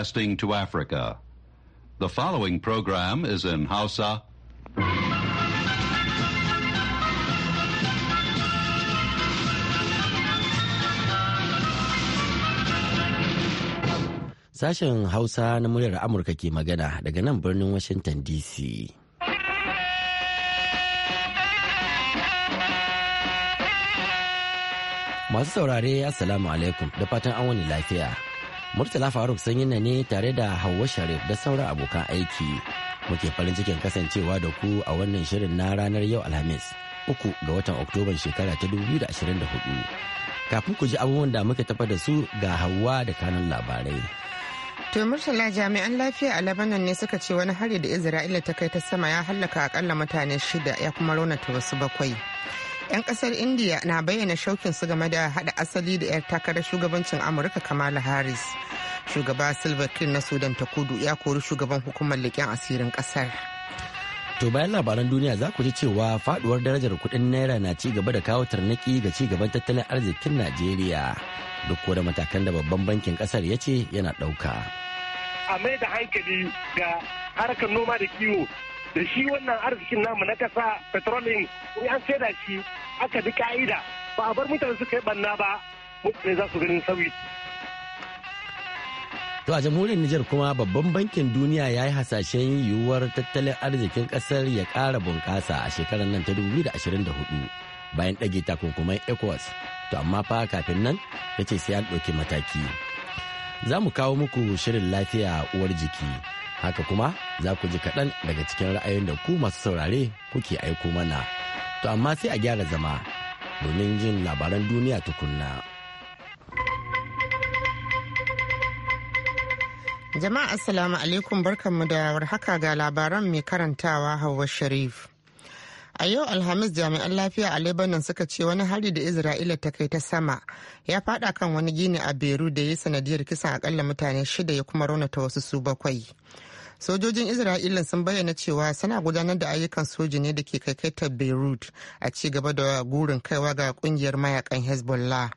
broadcasting to Africa. The following program is in Hausa. Sashen Hausa na muryar Amurka ke magana daga nan birnin Washington DC. Masu saurare, Assalamu alaikum da fatan an wani lafiya. Murtala Faruk sun na ne tare da Hauwa Sharif da sauran abokan aiki. Muke farin cikin kasancewa da ku a wannan shirin na ranar yau Alhamis, uku ga watan Oktoban shekara ta 2024. Kafin ku ji abubuwan da muke tafa da su ga Hauwa da kanun labarai. To Murtala jami'an lafiya a Lebanon ne suka ce wani hari da Isra'ila ta kai ta sama ya hallaka akalla mutane shida ya kuma raunata wasu bakwai. 'Yan kasar India na bayyana su game da hada asali da 'yar takarar shugabancin Amurka Kamala Harris. Shugaba silver king na Sudan ta kudu ya kori shugaban hukumar leƙen asirin kasar. To bayan labaran duniya za ku ji cewa faduwar darajar kuɗin naira na ci gaba da kawo tarnaki ga ci gaban tattalin arzikin Najeriya duk da matakan da babban bankin kasar ya ce yana ɗauka. A mai da hankali ga harkar noma da kiwo da shi wannan arzikin namu na kasa petrol in an sai shi aka bi ka'ida ba a bar mutane suka yi banna ba mutane za su ganin sauyi To a jamhuriyar Nijar kuma babban bankin duniya ya yi hasashen yiwuwar tattalin arzikin kasar ya ƙara bunƙasa a shekarar nan ta 2024 bayan ɗage takunkumai ECOWAS. To amma fa kafin nan ya ce sai an ɗauki mataki. Za mu kawo muku shirin lafiya uwar jiki. haka kuma za ku ji kaɗan daga cikin ra'ayin da ku masu saurare kuke aiko mana to amma sai a gyara zama domin jin labaran duniya tukunna. Jama'a Assalamu alaikum barkanmu da warhaka ga labaran mai karantawa hawa Sharif. A yau Alhamis jami'an lafiya a Lebanon suka ce wani hari da Isra'ila ta kai ta sama ya fada kan wani gini a Beru da ya sanadiyar kisan akalla mutane shida ya kuma raunata wasu su bakwai. sojojin isra'ila sun bayyana cewa suna gudanar da ayyukan soji ne da ke kaikaitar beirut a ci gaba da gurin kaiwa ga kungiyar mayakan hezbollah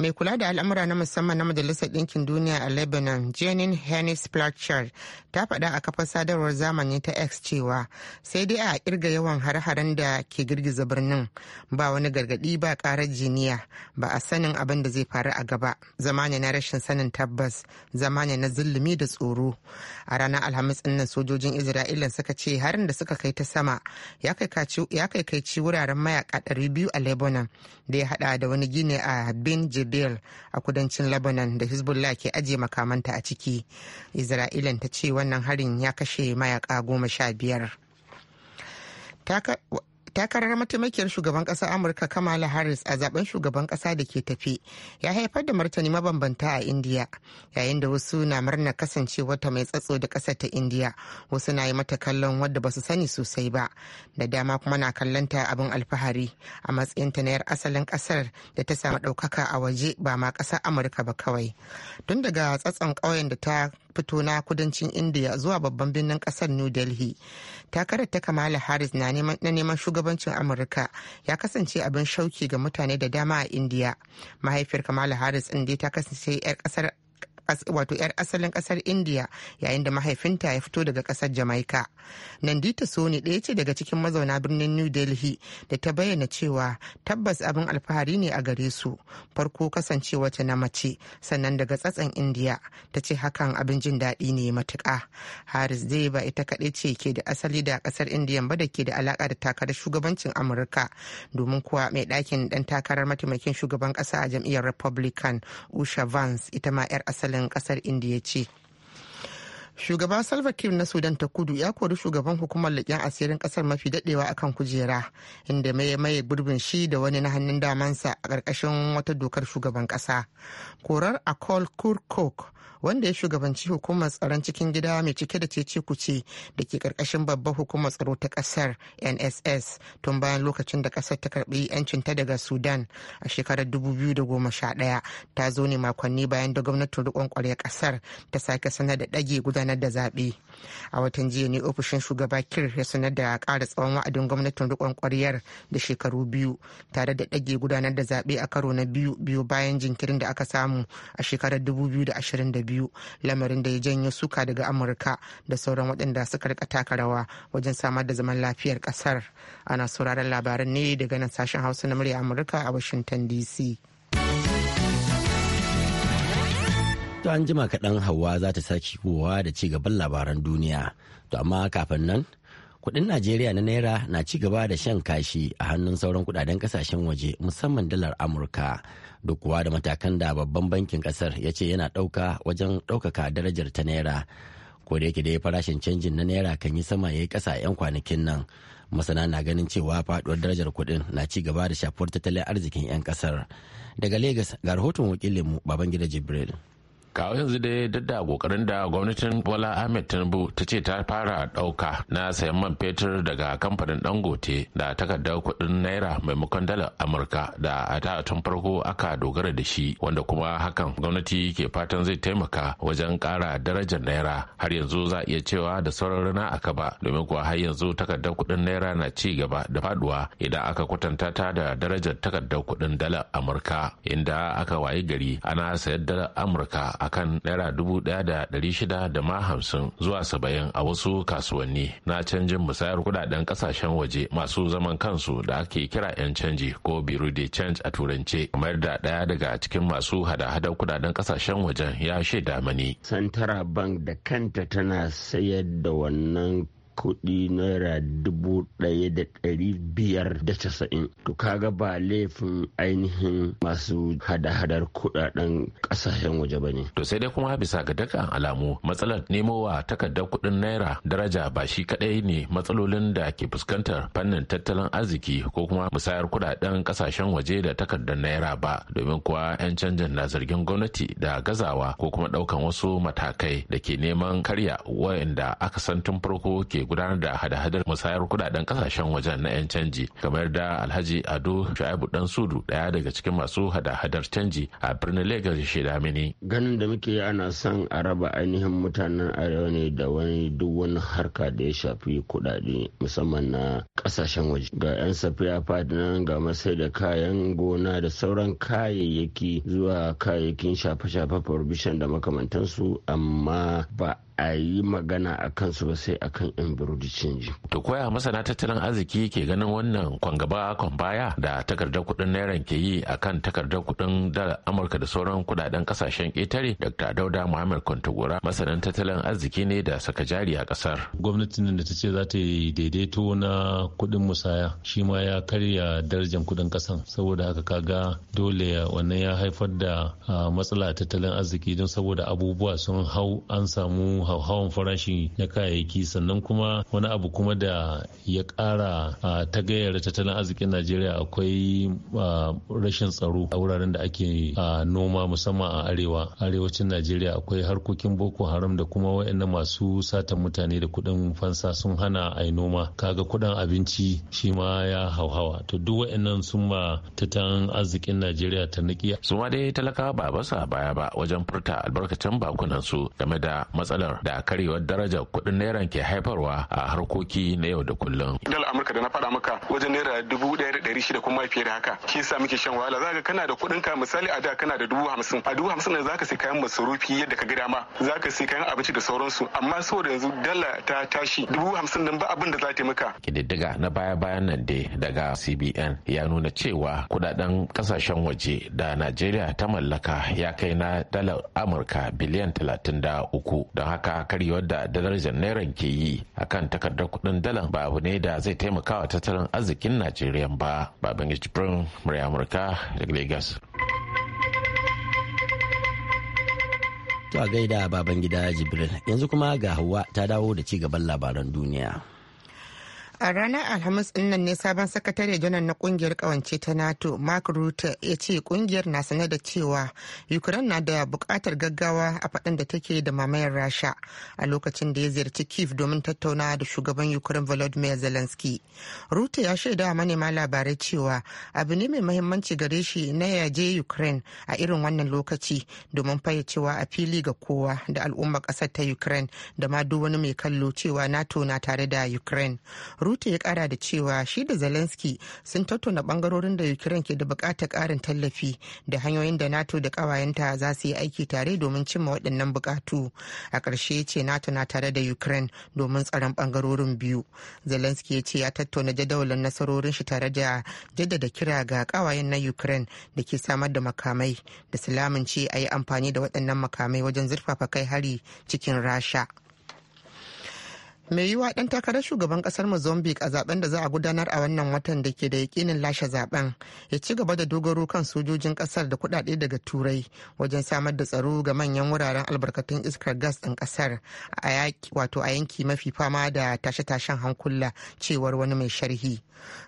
mai kula da al'amura na musamman na majalisar ɗinkin duniya a lebanon Janine hennis platcher ta faɗa a kafar sadarwar zamani ta x cewa sai dai a kirga yawan har-haren da ke girgiza birnin ba wani gargaɗi ba ƙarar jiniya ba a sanin abin da zai faru a gaba zama ne na rashin sanin tabbas zama ne na zulumi da tsoro a ranar alhamis ɗin sojojin isra'ila suka ce harin da suka kai ta sama ya kai wuraren mayaka biyu a lebanon da ya haɗa da wani gini a bin Erbil a kudancin Lebanon da Hezbollah ke ajiye makamanta a ciki. Isra'ilan ta ce wannan harin ya kashe mayaka goma sha biyar. takarar mataimakiyar shugaban ƙasar amurka kamala harris a zaben shugaban kasa da ke tafi ya haifar da martani mabambanta a indiya yayin da wasu na murna kasancewa ta mai tsatso da kasa ta indiya wasu na yi mata kallon wadda basu sani sosai ba da dama kuma na kallon ta abin alfahari a matsayin ta na yar asalin kasar da ta samu ɗaukaka a waje ba ma ƙasar amurka ba kawai tun daga tsatson kauyen da ta fito na kudancin Indiya zuwa babban birnin kasar new delhi takarar ta kamala harris na neman shugabancin amurka ya kasance abin shauki ga mutane da dama a Indiya, mahaifiyar kamala harris inda ta kasance 'yar kasar wato 'yar asalin kasar india yayin da mahaifinta ya fito daga kasar jamaica nandita sone ɗaya ce daga cikin mazauna birnin new delhi da ta bayyana cewa tabbas abin alfahari ne a gare su farko kasancewa ta na mace sannan daga tsatsan india ta ce hakan abin jin daɗi ne matuƙa haris dai ba ita kaɗai ce ke da asali da kasar indiya ba da ke da alaƙa da takarar shugabancin amurka domin kuwa mai ɗakin ɗan takarar mataimakin shugaban ƙasa a jam'iyyar republican usha vance ita ma 'yar asalin Shugaban kasar indiya ce shugaba salva kiir na sudan ta kudu ya kori shugaban hukumar leƙen asirin ƙasar mafi daɗewa akan kujera inda mai maye gurbin shi da wani na hannun damansa a ƙarƙashin wata dokar shugaban ƙasa korar akol kurkuk wanda ya shugabanci hukumar tsaron cikin gida mai cike da cece kuce da ke karkashin babbar hukumar tsaro ta kasar nss tun bayan lokacin da kasar ta karbi yancinta daga sudan a shekarar 2011 ta zo ne makonni bayan da gwamnatin rikon kwarya kasar ta sake sanar da ɗage gudanar da zaɓe a watan jiya ne ofishin shugaba kir ya sanar da ƙara tsawon wa'adin gwamnatin rikon kwaryar da shekaru biyu tare da ɗage gudanar da zaɓe a karo na biyu biyu bayan jinkirin da aka samu a shekarar 2022 biyu lamarin da ya janyo suka daga amurka da sauran waɗanda suka rika taka rawa wajen samar da zaman lafiyar ƙasar ana sauraron labaran ne daga nan sashen hausa na murya amurka a washington dc To an jima kaɗan hawa za ta sake kowa da ci gaban labaran duniya. To amma kafin nan, kuɗin Najeriya na Naira na ci gaba da shan kashi a hannun sauran kuɗaɗen ƙasashen waje musamman dalar Amurka. duk kuwa da matakan da babban bankin kasar ya ce yana ɗauka wajen ɗaukaka darajar ta naira ko da yake dai farashin canjin na naira kan yi sama ya yi ƙasa 'yan kwanakin nan masana na ganin cewa faɗuwar darajar kuɗin na ci gaba da shafuwar tattalin arzikin 'yan ƙasar daga lagos ga rahoton wakilinmu babangida jibril kawo yanzu dai duk da kokarin da gwamnatin bola ahmed tinubu ta ce ta fara dauka na sayan man fetur daga kamfanin dangote da takardar kuɗin naira maimakon dalar amurka da a ta tun farko aka dogara da shi wanda kuma hakan gwamnati ke fatan zai taimaka wajen kara darajar naira har yanzu za a iya cewa da sauran rana aka ba domin kuwa har yanzu takardar kuɗin naira na ci gaba da faduwa idan aka kwatanta ta da darajar takardar kuɗin dalar amurka inda aka wayi gari ana sayar dalar amurka a kan naira dubu daya da dari shida da ma hamsin zuwa saba'in a wasu kasuwanni na canjin musayar kudaden kasashen waje masu zaman kansu da ake kira 'yan canji ko biro de change a turance kamar da ɗaya daga cikin masu hada-hadar kudaden kasashen wajen ya shaida mani. santara bank da kanta tana sayar da wannan kuɗi naira dubu ɗaya da ɗari biyar da casa'in to kaga ba laifin ainihin masu hada-hadar kuɗaɗen ƙasashen waje ba ne. to sai dai kuma bisa ga dukkan alamu matsalar nemo wa takardar kuɗin naira daraja ba shi kaɗai ne matsalolin da ke fuskantar fannin tattalin arziki ko kuma musayar kuɗaɗen ƙasashen waje da takardar naira ba domin kuwa 'yan canjin na zargin gwamnati da gazawa ko kuma ɗaukan wasu matakai da ke neman karya wayanda aka san tun farko ke gudanar da hada-hadar musayar kudaden kasashen wajen na 'yan canji kamar da alhaji ado shu'aibu dan sudu daya daga cikin masu hada-hadar canji a birnin Legas ya shaida mini ganin da muke ana son a raba ainihin mutanen arewa ne da wani duk wani harka da ya shafi kudade musamman na kasashen waje ga 'yan safiya fadinan ga masai da kayan gona da sauran kayayyaki zuwa kayayyakin shafe-shafe prohibition da makamantansu amma ba a yi magana a kansu ba sai akan embroid canji. To koya masana tattalin arziki ke ganin wannan kwangaba kwan baya da takardar kuɗin naira ke yi akan takardar kuɗin dalar Amurka da sauran kudaden kasashen ƙetare Dr. Dauda Muhammad Kwantagora masanin tattalin arziki ne da saka jari a kasar Gwamnatin da ta ce za ta yi daidaito na kudin musaya shi ma ya karya darajar kudin kasan saboda haka kaga dole wannan ya haifar da ah, matsala tattalin arziki don saboda abubuwa sun hau an samu hauhawan farashi na kayayyaki sannan kuma wani abu kuma da ya kara a gayyar tattalin arzikin najeriya akwai rashin tsaro a wuraren da ake noma musamman a arewa arewacin najeriya akwai harkokin boko haram da kuma wayannan masu satan mutane da kuɗin fansa sun hana a yi noma kaga kuɗin abinci shi ma ya hauhawa to duk wayannan sun ma tattalin arzikin najeriya ta nakiya su ma dai talaka ba basa baya ba wajen furta albarkacin bakunan su game da matsalar da karewar darajar kuɗin naira ke haifarwa a harkoki na yau da kullum. Dala Amurka da na faɗa maka wajen naira dubu ɗaya da ɗari shida kuma fiye da haka. Shi sa muke shan wahala Za ka kana da kuɗin ka misali a da kana da dubu hamsin a dubu hamsin za ka sai kayan masarufi yadda ka gida ma. Za ka sai kayan abinci da sauransu amma saboda yanzu dala ta tashi dubu hamsin nan ba abin da za ta maka. Kididdiga na baya-bayan nan dai daga CBN ya nuna cewa kudaden kasashen waje da Najeriya ta mallaka ya kai na dala Amurka biliyan talatin da uku don haka haka kari da darajar nairan ke yi akan takardar kuɗin dalar ba abu ne da zai taimaka wa tattalin arzikin najeriya ba baban jibrin murya amurka daga lagos To a gaida baban gida Jibril yanzu kuma ga Hauwa ta dawo da ci gaban labaran duniya. A ranar Alhamis nan ne sabon sakatare janar na kungiyar kawance ta NATO Mark Rutte ya ce kungiyar na sanar da cewa Ukraine na da bukatar gaggawa a faɗin da take da mamayar Rasha a lokacin da ya ziyarci Kiev domin tattaunawa da shugaban Ukraine Volodymyr Zelensky. Rutte ya shaida wa manema labarai cewa abu ne mai mahimmanci gare shi na yaje Ukraine a irin wannan lokaci domin fayyacewa a fili ga kowa da al'ummar ƙasar ta Ukraine da ma duk wani mai kallo cewa NATO na tare da Ukraine. Rute ya kara da cewa shi da Zelensky sun tattauna bangarorin da Ukraine ke da bukatar karin tallafi da hanyoyin da NATO da kawayenta za su yi aiki tare domin cimma waɗannan bukatu. A ƙarshe ya ce NATO na tare da Ukraine domin tsaron bangarorin biyu. Zelensky ya ce ya tattauna jadawalin nasarorin shi tare da jaddada kira ga kawayen na Ukraine da ke samar da makamai da salamin ce a yi amfani da waɗannan makamai wajen zurfafa kai hari cikin Rasha. mai yiwa dan takarar shugaban kasar mozambique a zaben da za a gudanar a wannan watan da ke da yakinin lashe zaben ya ci gaba da dogaro kan sojojin kasar da kudade daga turai wajen samar da tsaro ga manyan wuraren albarkatun iskar gas din kasar a wato a yanki mafi fama da tashe-tashen hankula cewar wani mai sharhi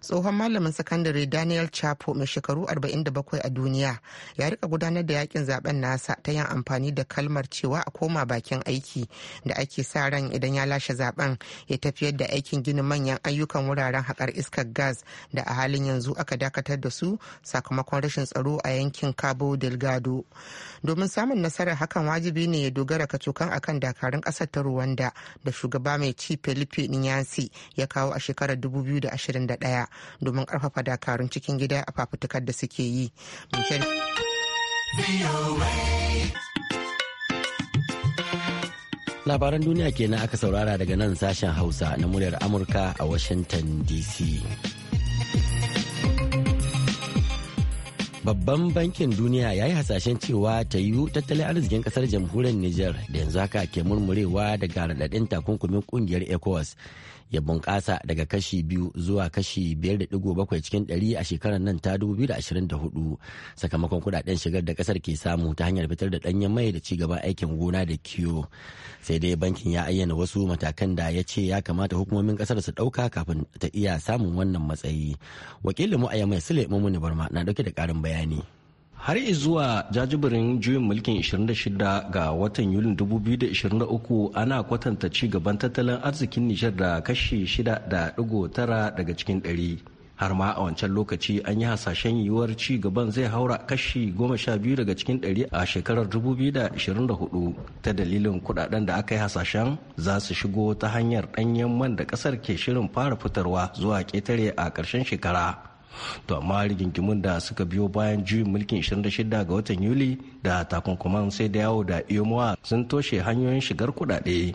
tsohon malamin sakandare daniel chapo mai shekaru 47 a duniya ya rika gudanar da yakin zaben nasa ta yin amfani da kalmar cewa a koma bakin aiki da ake sa ran idan ya lashe zaben nan ya tafiyar da aikin ginin manyan ayyukan wuraren haƙar iskar gas da a halin yanzu aka dakatar da su sakamakon rashin tsaro a yankin cabo delgado domin samun nasarar hakan wajibi ne ya dogara ka kacokan akan dakarun ƙasar ta rwanda da shugaba mai ci felipe nyasi ya kawo a shekarar dubu da 2021 domin ƙarfafa dakarun cikin gida a fafutukar da suke yi. labaran duniya kenan aka saurara daga nan sashen hausa na muryar amurka a washington dc babban bankin duniya ya yi hasashen cewa ta yiwu tattalin arzikin kasar jamhuriyar niger da yanzu haka ke murmurewa daga raɗaɗin takunkumin kungiyar ecowas ya bunƙasa daga kashi biyu zuwa kashi biyar da digo bakwai cikin ɗari a shekarar nan ta hudu sakamakon kudaden shigar da kasar ke samu ta hanyar fitar da ɗanyen mai da ci gaban aikin gona da kiwo sai dai bankin ya ayyana wasu matakan da ya ce ya kamata hukumomin ƙasar su ɗauka kafin ta iya samun wannan matsayi wakilin mu a yamai sule mumuni barma na dauke da ƙarin bayani. har zuwa jajibirin juyin mulkin 26 ga watan yulin 2023 ana kwatanta ci gaban tattalin arzikin nijar da kashi 6.9 daga cikin 100 har ma a wancan lokaci an yi hasashen yiwuwar ci gaban zai haura kashi 12 daga cikin 100 a shekarar 2024 ta dalilin kudaden da aka yi hasashen za su shigo ta hanyar danyen man da kasar ke shirin fara fitarwa zuwa ketare a karshen shekara to amma rigingimun da suka biyo bayan juyin mulkin 26 ga watan yuli da takunkuman sai da yawo da iyomowa sun toshe hanyoyin shigar kudade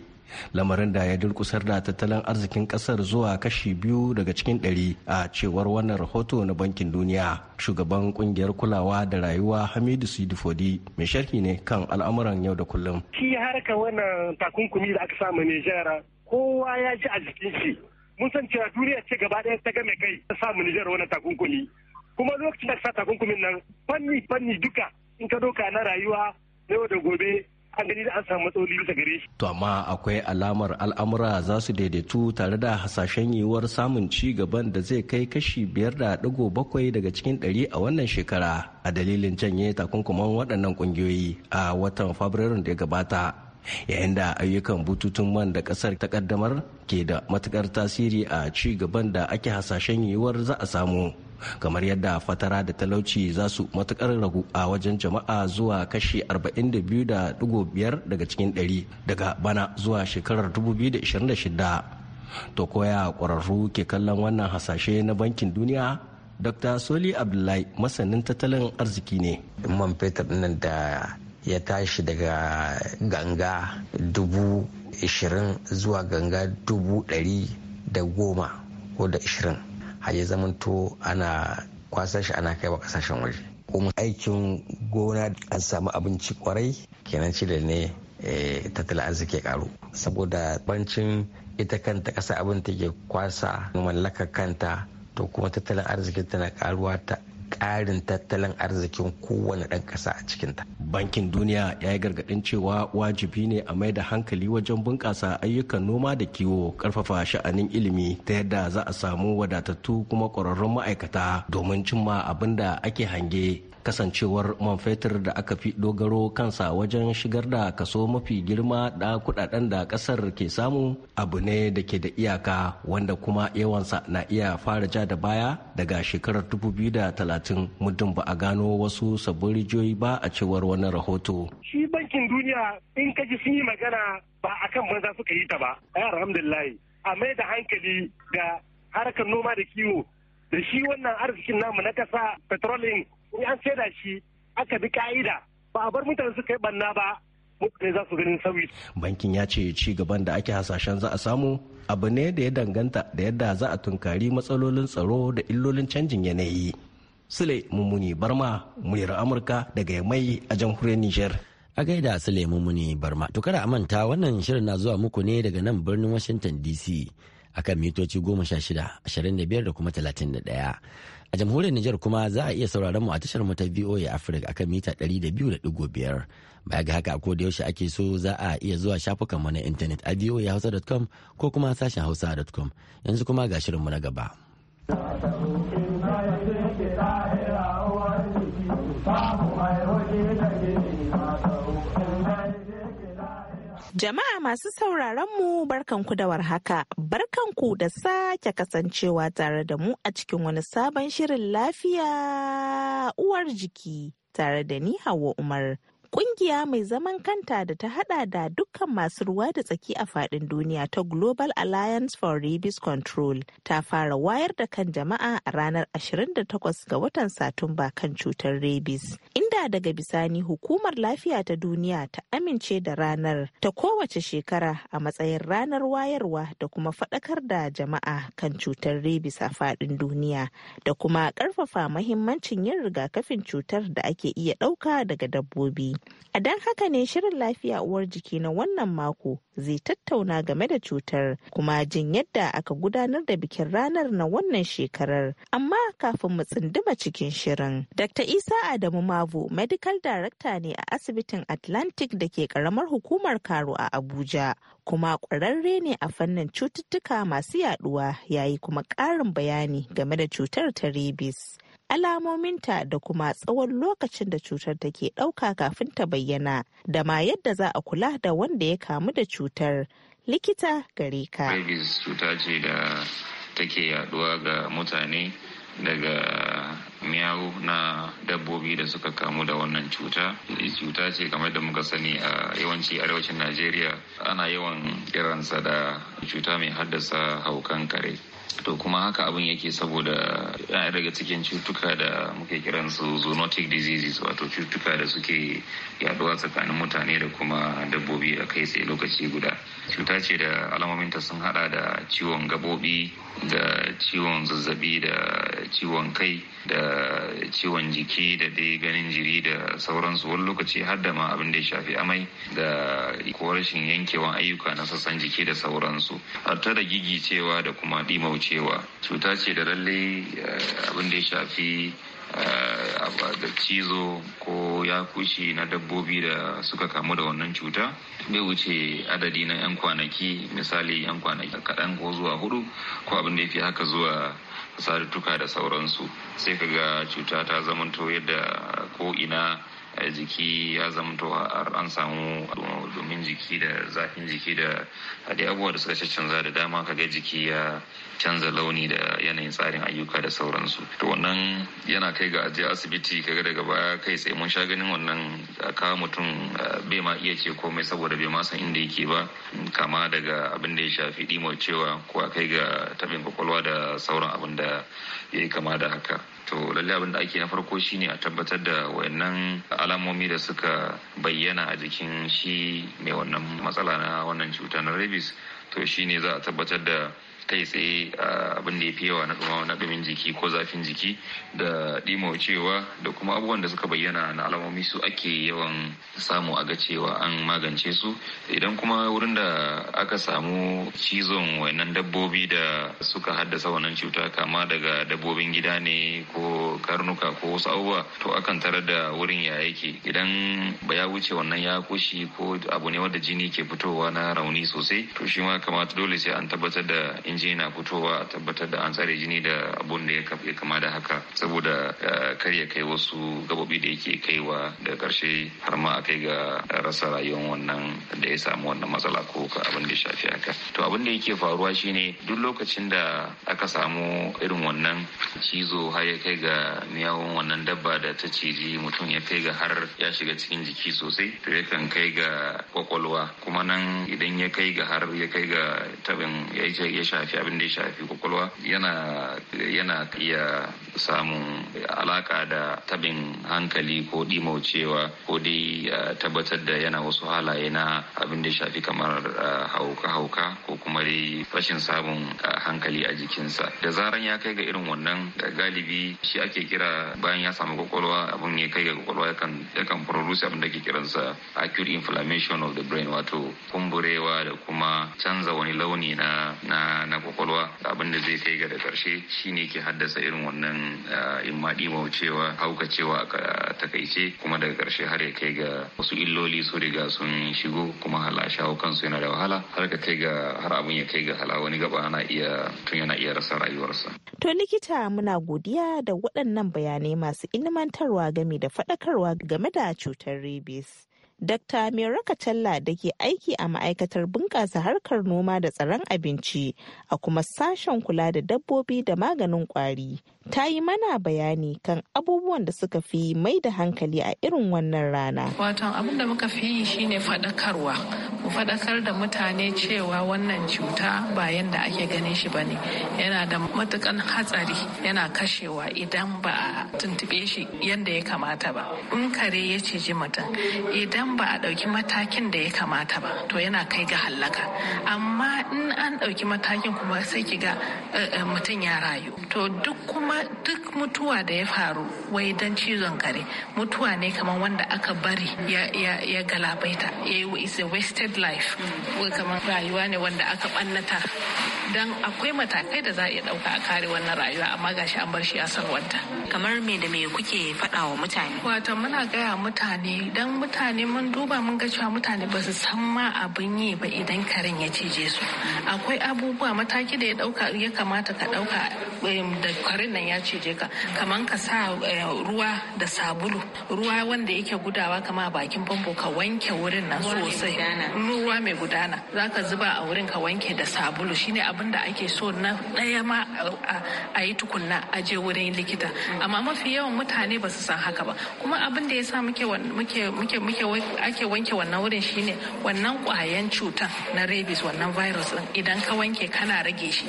lamarin da ya durkusar da tattalin arzikin kasar zuwa kashi biyu daga cikin ɗari a cewar wannan rahoto na bankin duniya shugaban kungiyar kulawa da rayuwa hamidu sidifodi mai sharhi ne kan al'amuran yau da kullum shi harka wannan takunkumi da aka samu nijar kowa ya ji a jikin shi mun san cewa duniya ce gaba ɗaya ta game kai ta samu Nijar wani takunkumi kuma lokacin da sa takunkumin nan fanni fanni duka in ka doka na rayuwa na yau da gobe an gani da an samu matsaloli bisa gare shi. To amma akwai alamar al'amura za su daidaitu tare da hasashen yiwuwar samun ci gaban da zai kai kashi biyar da ɗigo bakwai daga cikin ɗari a wannan shekara a dalilin janye takunkuman waɗannan ƙungiyoyi a watan Fabrairun da ya gabata. yayin da ayyukan bututun man da kasar ta kaddamar ke da matukar tasiri a ci gaban da ake hasashen yiwuwar za a samu kamar yadda fatara da talauci za su matukar ragu a wajen jama'a zuwa kashi 42.5 daga cikin 100 daga bana zuwa shekarar 2026 to koya ƙwararru ke kallon wannan hasashe na bankin duniya dr soli abdullahi masanin tattalin arziki ne man fetur nan da ya tashi daga ganga dubu ishirin zuwa ganga dubu ɗari da goma ko da ishirin hajji ya zamanto ana kwasa shi ana kai wa kasashen waje kuma aikin gona an samu abinci kwarai kenan ci da ne eh, tattalin arziki karu saboda bancin ita kanta kasa abin take kwasa mallaka kanta to kuma tattalin arziki tana karuwa ta ƙarin tattalin arzikin kowane ɗan ƙasa a cikinta. Bankin Duniya ya yi gargaɗin cewa wajibi ne a mai da hankali wajen bunƙasa ayyukan noma da kiwo ƙarfafa sha'anin ilimi ta yadda za a samu wadatattu kuma ƙwararrun ma'aikata domin cimma abin da ake hange kasancewar man fetur da aka fi dogaro kansa wajen shigar da kaso mafi girma da kudaden da kasar ke samu abu ne da ke da iyaka wanda kuma yawansa na iya fara ja da baya daga shekarar talatin muddin ba a gano wasu sabbin rijiyoyi ba a cewar wani rahoto. Shi bankin duniya in kaji sun yi magana ba a kan maza suka yi ta ba. Alhamdulillah a mai da hankali da harkar noma da kiwo da shi wannan arzikin namu na kasa petrolin in an da shi aka bi ka'ida ba a bar mutane suka yi banna ba mutane za su ganin sauyi. Bankin ya ce ci gaban da ake hasashen za a samu abu ne da ya danganta da yadda za a tunkari matsalolin tsaro da illolin canjin yanayi. Sule Mumuni Barma, muryar Amurka daga yamai a jamhuriyar Nijar. A gaida Sule Mumuni Barma, to kada a manta wannan shirin na zuwa muku ne daga nan birnin Washington DC akan mitoci goma sha shida, ashirin da biyar da kuma talatin da ɗaya. A jamhuriyar Nijar kuma za a iya sauraron mu a tashar mu ta VOA Africa akan mita ɗari da biyu da ɗigo biyar. Baya ga haka ko da yaushe ake so za a iya zuwa shafukan mu na intanet a voahausa.com ko kuma sashen hausa.com. Yanzu kuma ga shirin mu na gaba. Jama'a masu sauraron mu barkanku da warhaka, barkanku da sake kasancewa tare da mu a cikin wani sabon shirin lafiya uwar jiki tare da ni Hauwa Umar. Kungiya mai zaman kanta da ta hada da dukkan masu ruwa da tsaki a fadin duniya ta Global Alliance for Rabies Control ta fara wayar da kan jama'a a ranar 28 ga watan Satumba kan cutar rabies. inda daga bisani hukumar lafiya ta duniya ta amince da ranar ta kowace shekara a matsayin ranar wayarwa da kuma faɗakar da jama'a kan cutar rebis a faɗin duniya da kuma ƙarfafa mahimmancin yin rigakafin cutar da ake iya ɗauka daga dabbobi. A don haka ne shirin lafiya uwar jiki na wannan mako zai tattauna game da cutar kuma jin yadda aka gudanar da bikin ranar na wannan shekarar. Amma kafin mu tsinduma cikin shirin, Dr. Isa Adamu Mavo medical director ne a asibitin Atlantic da ke karamar hukumar Karo a Abuja kuma kwararre ne a fannin cututtuka masu yaduwa yayi kuma karin bayani game da cutar ta rabies. alamominta da kuma tsawon lokacin da cutar take dauka kafin ta bayyana da ma yadda za a kula da wanda ya kamu da cutar likita gare ka. cuta ce da take yaduwa ga mutane daga miyawu na dabbobi da suka kamu da wannan cuta cuta ce kamar da muka sani a yawanci arewacin najeriya ana yawan kiransa da cuta mai haddasa haukan kare to kuma haka abin yake saboda yana daga cikin cutuka da muke su zoonotic diseases wato cutuka da suke yaduwa tsakanin mutane da kuma dabbobi a kai tsaye lokaci guda cuta ce da alamominta sun hada da ciwon gabobi da ciwon zazzabi da ciwon kai da ciwon jiki da dai ganin jiri da sauransu wani lokaci har da ma abin da ya shafi amai da ko rashin yankewan ayyuka na sassan jiki da sauransu har ta da gigicewa da kuma dimaucewa cuta ce da lalle eh, abin da ya shafi Eh, da cizo ko ya kushi na dabbobi da suka kamu da wannan cuta bai wuce adadi na 'yan kwanaki misali 'yan kwanaki kaɗan ko zuwa hudu ko abin da ya fi haka zuwa tuka da sauransu sai kaga cuta ta zamanto yadda ko ina jiki ya zamto an samu domin jiki da zafin jiki da hadi abubuwa da suka canza da dama kaga jiki ya canza launi da yanayin tsarin ayyuka da sauransu to wannan yana kai ga ajiye asibiti kaga daga baya kai tsaye mun sha ganin wannan kawo mutum bai ma iya ce komai saboda bai ma san inda yake ba kama daga abin da ya shafi dimo cewa ko kai ga tabin kwakwalwa da sauran abin da ya yi kama da haka to lalle abin da ake na farko shine a tabbatar da wayannan alamomi da suka bayyana a jikin shi mai wannan matsala na wannan cuta na rabies to shine za a tabbatar da kai tsaye abin da ya fi yawa na ɗumama jiki ko zafin jiki da cewa da kuma abubuwan da suka bayyana na alamomi su ake yawan samu a ga cewa an magance su idan kuma wurin da aka samu cizon wayannan dabbobi da suka haddasa wannan cuta kama daga dabbobin gida ne ko karnuka ko wasu abubuwa to akan tarar da wurin ya yake idan ba ya wuce wannan ya kushi ko abu ne wanda jini ke fitowa na rauni sosai to shi ma kamata dole sai an tabbatar da injini na fitowa a tabbatar da an tsare jini da abun da ya kama da haka saboda eh, kar ya kai wasu gabobi da yake kaiwa da karshe har ma a kai ga rasa rayuwar wannan da ya samu wannan matsala ko ka abin da ya shafi haka to abin da yake faruwa shine duk lokacin da aka samu irin wannan cizo har ya kai ga miyawun wannan dabba da ta ciji mutum ya kai ga har ya shiga cikin jiki sosai to kan kai ga kwakwalwa kuma nan idan ya kai ga har ya kai ga tabin ya shafi abin da ya shafi kwakwalwa yana iya samun alaka da tabin hankali ko dimaucewa ko dai tabbatar da yana wasu halaye na abin da shafi kamar hauka-hauka ko kuma dai rashin samun hankali a jikinsa da zaran ya kai ga irin wannan galibi shi ake kira bayan ya samu kwakwalwa abin ya kai ga kwakwalwa yakan produce abin da ke kiransa acute inflammation of the brain wato kumburewa da kuma canza wani launi na na kwakwalwa abin da zai kai ga da karshe ne ke haddasa irin wannan Eh, in ma cewa haukacewa a takaice kuma daga karshe har ya kai ga wasu illoli su riga sun shigo kuma hala shawo kansu yana da wahala har ka kai ga har abin ya kai ga hala wani gaba ana iya tun yana iya rasa rayuwarsa. To likita muna godiya da waɗannan bayanai masu ilmantarwa game da faɗakarwa game da cutar rabies. Dr. Meraka Talla da ke aiki a ma'aikatar bunƙasa harkar noma da tsaron abinci a kuma sashen kula da dabbobi da maganin ƙwari. Ta yi mana bayani kan abubuwan da suka fi mai da hankali a irin wannan rana. Watan abin da muka fi yi shine faɗakarwa. Mu faɗakar da mutane cewa wannan cuta ba yadda ake ganin shi ba ne. Yana da matukan hatsari yana kashewa idan ba a tuntuɓe shi yadda ya kamata ba. In kare ya ciji mutum idan idan ba a ɗauki matakin da ya kamata ba to yana kai ga hallaka amma in an ɗauki matakin kuma sai ki ga eh, eh, mutum ya rayu to duk kuma duk mutuwa da ya faru wai don cizon kare mutuwa ne kamar wanda aka bari ya galabaita is a wasted life kamar rayuwa ne wanda aka ɓannata don akwai matakai da za a iya ɗauka a kare wannan rayuwa amma gashi an bar shi a sarwanta kamar me da me kuke faɗa wa mutane wato muna gaya mutane dan mutane mun duba mun ga cewa mutane ba su san ma abin yi ba idan karen ya cije su akwai abubuwa mataki da ya dauka ya kamata ka dauka da kwarin nan ya cije ka kaman ka sa eh, ruwa da sabulu ruwa wanda yake gudawa kama a bakin famfo ka wanke wurin nan sosai ruwa mai gudana za ka zuba a wurin ka wanke da sabulu shine abin da ake so na ɗaya ma a yi tukunna a je wurin likita amma mafi yawan mutane ba su san haka ba kuma abin da ya sa muke ake wanke wannan wurin shine wannan kwayan cutan na rabies wannan virus din idan ka wanke kana rage shi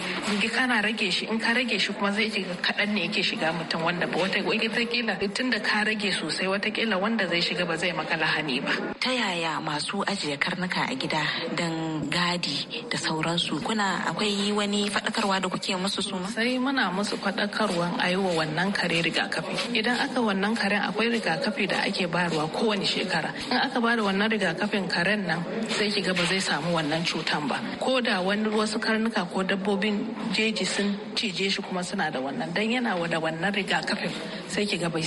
kana rage shi in ka rage shi kuma zai shiga kaɗan ne yake shiga mutum wanda ba wata watakila tun da ka rage sosai watakila wanda zai shiga ba zai maka lahani ba. Ta yaya masu ajiye karnuka a gida don gadi da sauransu kuna akwai wani faɗakarwa da kuke musu su Sai muna musu faɗakarwan wa wannan kare rigakafi. Idan aka wannan karen akwai rigakafi da ake bayarwa kowane shekara. In aka bada wannan rigakafin karen nan sai ki ga ba zai samu wannan cutan ba. Ko da wani wasu karnuka ko dabbobin jeji sun cije shi kuma suna da wannan don yana da wannan rigakafin sai ki ga bai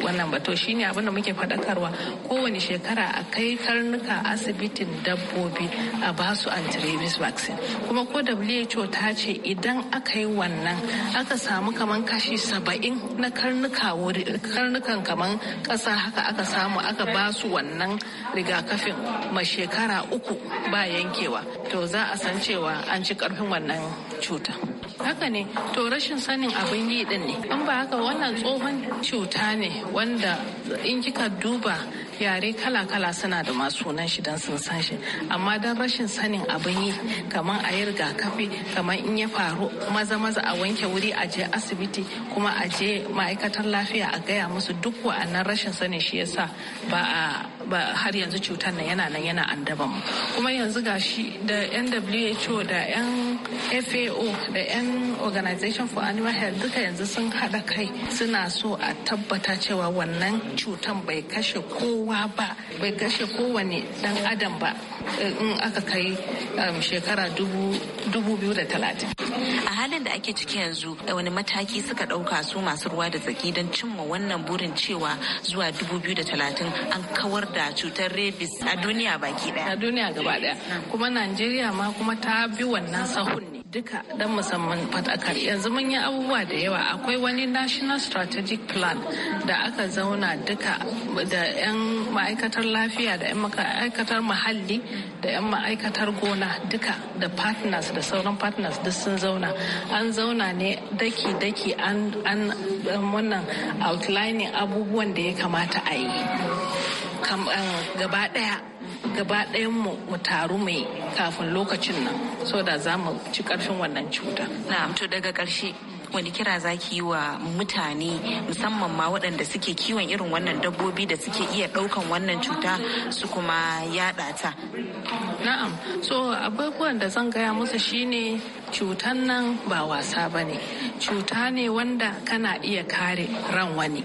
wannan ba to shine abin da muke faɗakarwa kowane shekara a kai karnuka asibitin dabbobi a basu antirabis vaccine kuma ko WHO ta ce idan aka yi wannan aka samu kaman kashi saba'in na karnuka wuri karnukan kaman ƙasa haka aka samu aka basu wannan rigakafin ma shekara uku ba yankewa to za a san cewa an ci karfin wannan cuta haka ne to rashin sanin abin yi din ne in ba haka wannan tsohon cuta ne wanda in kika duba yare kala-kala suna da masu sunan shi don sun san shi amma don rashin sanin abin yi kamar a yi rigakafi kamar in ya faru maza-maza a wanke wuri a je asibiti kuma a je ma'aikatar lafiya a gaya musu duk wa'annan rashin sanin shi yasa ba a ba har yanzu cutar nan yana nan yana andaban mu kuma yanzu gashi da nwho da yan fao da yan organization for animal health duka yanzu sun haɗa kai suna so a tabbata cewa wannan cutan bai kashe kowa ba bai kashe kowane dan adam ba in aka kai um, shekara dubu biyu da talatin a halin da ake ciki yanzu da wani mataki suka ɗauka su masu ruwa da tsaki don cimma wannan burin cewa zuwa dubu biyu da talatin an kawar da cutar rabies a duniya baki daya a duniya gaba daya kuma najeriya ma kuma ta bi wannan sahun ne duka don musamman fadakar yanzu mun yi abubuwa da yawa akwai wani national strategic plan da aka zauna duka da 'yan ma'aikatar lafiya da 'yan ma'aikatar muhalli da 'yan ma'aikatar gona duka da partners da sauran partners duk sun zauna an zauna ne daki-daki an um, wannan outlining abubuwan da ya kamata a yi um, gaba daya. gaba ɗayan mu taru mai kafin lokacin nan so da za mu ci karfin wannan cuta. Na to daga karshe wani kira za ki yi wa mutane musamman ma waɗanda suke kiwon irin wannan dabbobi da suke iya ɗaukan wannan cuta su kuma yaɗa ta. Na'am, so abubuwan da zan gaya musu shine cutan nan ba wasa ba ne. Cuta ne wanda kana iya kare ran wani.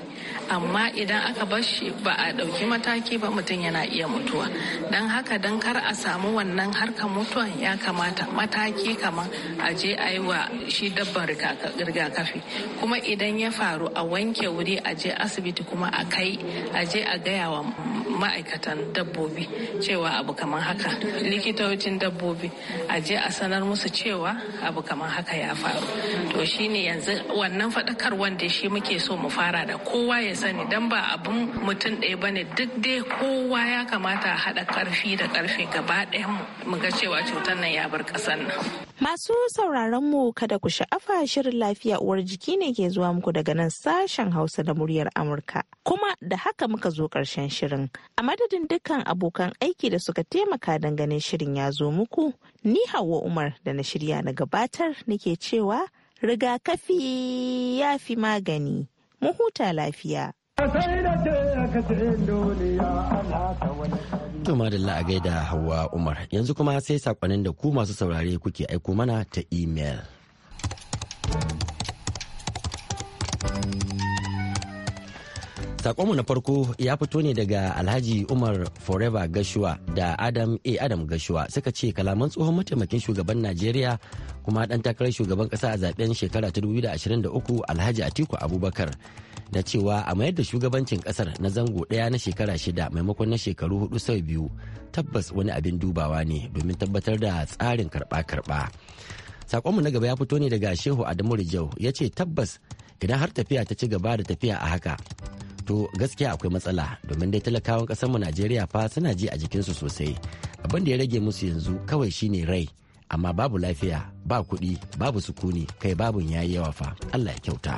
amma idan aka bar shi ba a ɗauki mataki ba mutum yana iya mutuwa don haka don kar a samu wannan harkar mutuwan ya kamata mataki kamar a je a yi wa shi dabban rigakafi kuma idan ya faru a wanke wuri a je asibiti kuma a kai a je a gaya wa ma'aikatan dabbobi cewa abu kamar haka likitocin dabbobi a je a sanar musu cewa abu kamar haka ya faru to shine yanzu wannan faɗakar wanda shi muke so mu fara da kowa kowa ya sani dan ba abun mutum ɗaya ba ne duk dai kowa ya kamata a haɗa ƙarfi da ƙarfe gaba ɗaya mu ga cewa cutar nan ya bar ƙasar nan. Masu sauraron mu kada ku sha'afa shirin lafiya uwar jiki ne ke zuwa muku daga nan sashen Hausa da muryar Amurka. Kuma da haka muka zo ƙarshen shirin. A madadin dukkan abokan aiki da suka taimaka dangane ganin shirin ya zo muku, ni Hauwa Umar da na shirya na gabatar nake cewa rigakafi ya fi magani. mu huta lafiya. To madalla a gaida Hauwa Umar yanzu kuma sai sakonin da ku masu saurare kuke aiko mana ta imel. Sakonmu na farko ya fito ne daga Alhaji Umar Forever gashua da Adam A. Adam Gashuwa suka ce kalaman tsohon mataimakin shugaban Najeriya kuma dan takarar shugaban kasa a zaben shekara ta 2023 Alhaji Atiku Abubakar da cewa a mayar da shugabancin kasar na zango ɗaya na shekara shida maimakon na shekaru hudu sau biyu tabbas wani abin dubawa ne domin tabbatar da tsarin karba karɓa Sakonmu na gaba ya fito ne daga Shehu Adamu Rijau ya ce tabbas idan har tafiya ta ci gaba da tafiya a haka to gaskiya akwai matsala domin dai talakawan mu najeriya fa suna ji a jikin su sosai abin da ya rage musu yanzu kawai shine rai amma babu lafiya ba kuɗi babu sukuni kai babun yayi yawa fa allah ya kyauta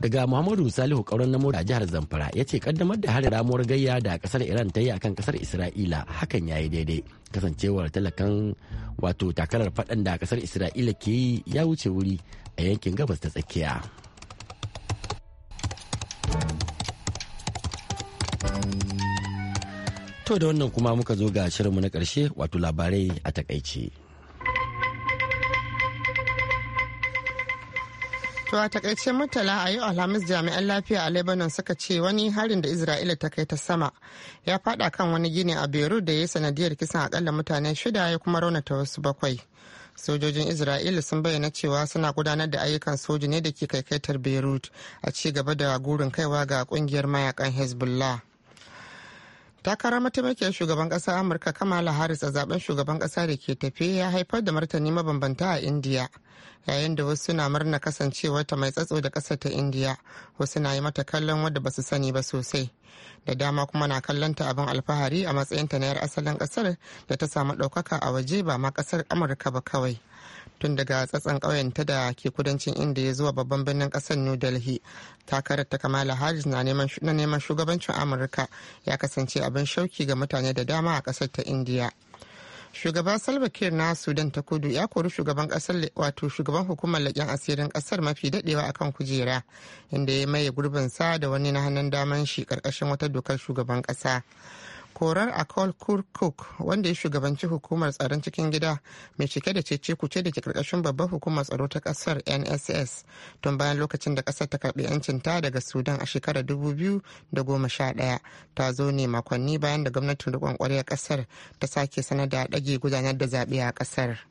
daga muhammadu salihu kauran na a jihar zamfara ya ce kaddamar da harin ramuwar gayya da kasar iran ta yi akan kasar isra'ila hakan ya yi daidai kasancewar talakan wato takarar faɗan da kasar isra'ila ke yi ya wuce wuri a yankin gabas ta tsakiya To da wannan kuma muka zo ga shirinmu na ƙarshe wato labarai a takaice. To a takaice mutala a yau Alhamis jami'an lafiya a Lebanon suka ce wani harin da Isra'ila ta kai ta sama ya fada kan wani gini a Beirut da ya yi sanadiyar kisan akalla mutane shida ya kuma raunata wasu bakwai. sojojin isra'ila sun bayyana cewa suna gudanar da ayyukan soji ne da ke kaikaitar beirut a ci gaba da gurin kaiwa ga kungiyar mayakan hezbollah takarar mataimakiyar shugaban kasa amurka kamala harris a zaben shugaban kasa da ke tafe ya haifar da martani mabambanta a indiya yayin da wasu na murna kasancewarta mai tsatso da kasar ta indiya wasu na yi mata kallon wadda ba su sani ba sosai da dama kuma na kallonta abin alfahari a matsayinta na 'yar asalin kasar da ta samu ɗaukaka a waje ba ma kasar amurka ba kawai tun daga tsatsan ƙauyen ta da ke kudancin indiya zuwa babban birnin ƙasar new delhi takarar ta kamala harris na neman shugabancin amurka ya kasance abin shauki ga mutane da dama a ƙasar ta indiya shugaba salva kiir na sudan ta kudu ya kori shugaban kasar wato shugaban hukumar leƙen asirin kasar mafi dadewa kan kujera inda ya maye gurbin sa da wani na hannun daman shi karkashin wata dokar shugaban kasa korar a akol kurkuk wanda ya shugabanci hukumar tsaron cikin gida mai cike da cece kuce da ke karkashin babbar hukumar tsaro ta kasar nss tun bayan lokacin da kasar ta karbi ta daga sudan a shekarar 2011 ta zo ne makonni bayan da gwamnatin rikon kwarar kasar ta sake sanar da dage gudanar da zaɓe a kasar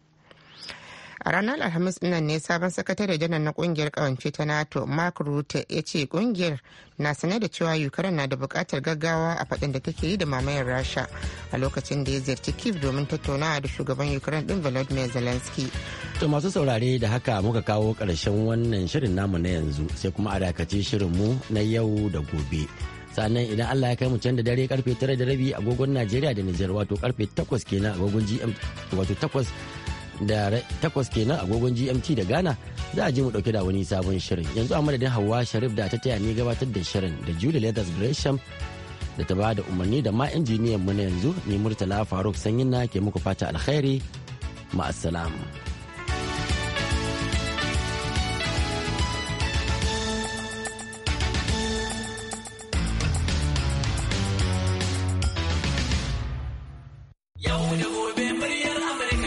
a ranar alhamis dinnan ne sabon sakatare janar na kungiyar kawance ta nato mark rutte ya ce kungiyar na sanar da cewa ukraine na da bukatar gaggawa a faɗin da take yi da mamayar rasha a lokacin da ya ziyarci kiev domin tattaunawa da shugaban ukraine din volodymyr zelensky to masu saurare da haka muka kawo karshen wannan shirin namu na yanzu sai kuma a dakace mu na yau da gobe sannan idan Allah ya kai mu can da dare karfe tara da rabi agogon Najeriya da Nijar wato karfe 8 kenan agogon GMT wato 8 da takwas kenan agogon gmt da ghana za a je mu dauke da wani sabon shirin yanzu a madadin hawa sharif da ta taya ni gabatar da shirin da julie leathers gresham da ta bada umarni da ma injiniyan mu na yanzu ni murtala faruk sanyin na ke muku fata alkhairi ma'assalamu